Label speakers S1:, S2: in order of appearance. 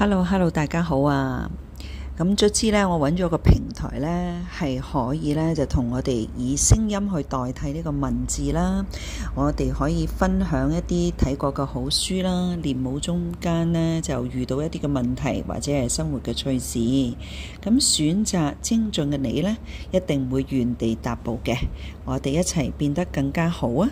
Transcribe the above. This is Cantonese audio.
S1: Hello，Hello，Hello，大家好啊！咁卒之呢，我揾咗個平台呢，係可以呢，就同我哋以聲音去代替呢個文字啦。我哋可以分享一啲睇過嘅好書啦。練武中間呢，就遇到一啲嘅問題或者係生活嘅趣事，咁選擇精進嘅你呢，一定會原地踏步嘅。我哋一齊變得更加好啊！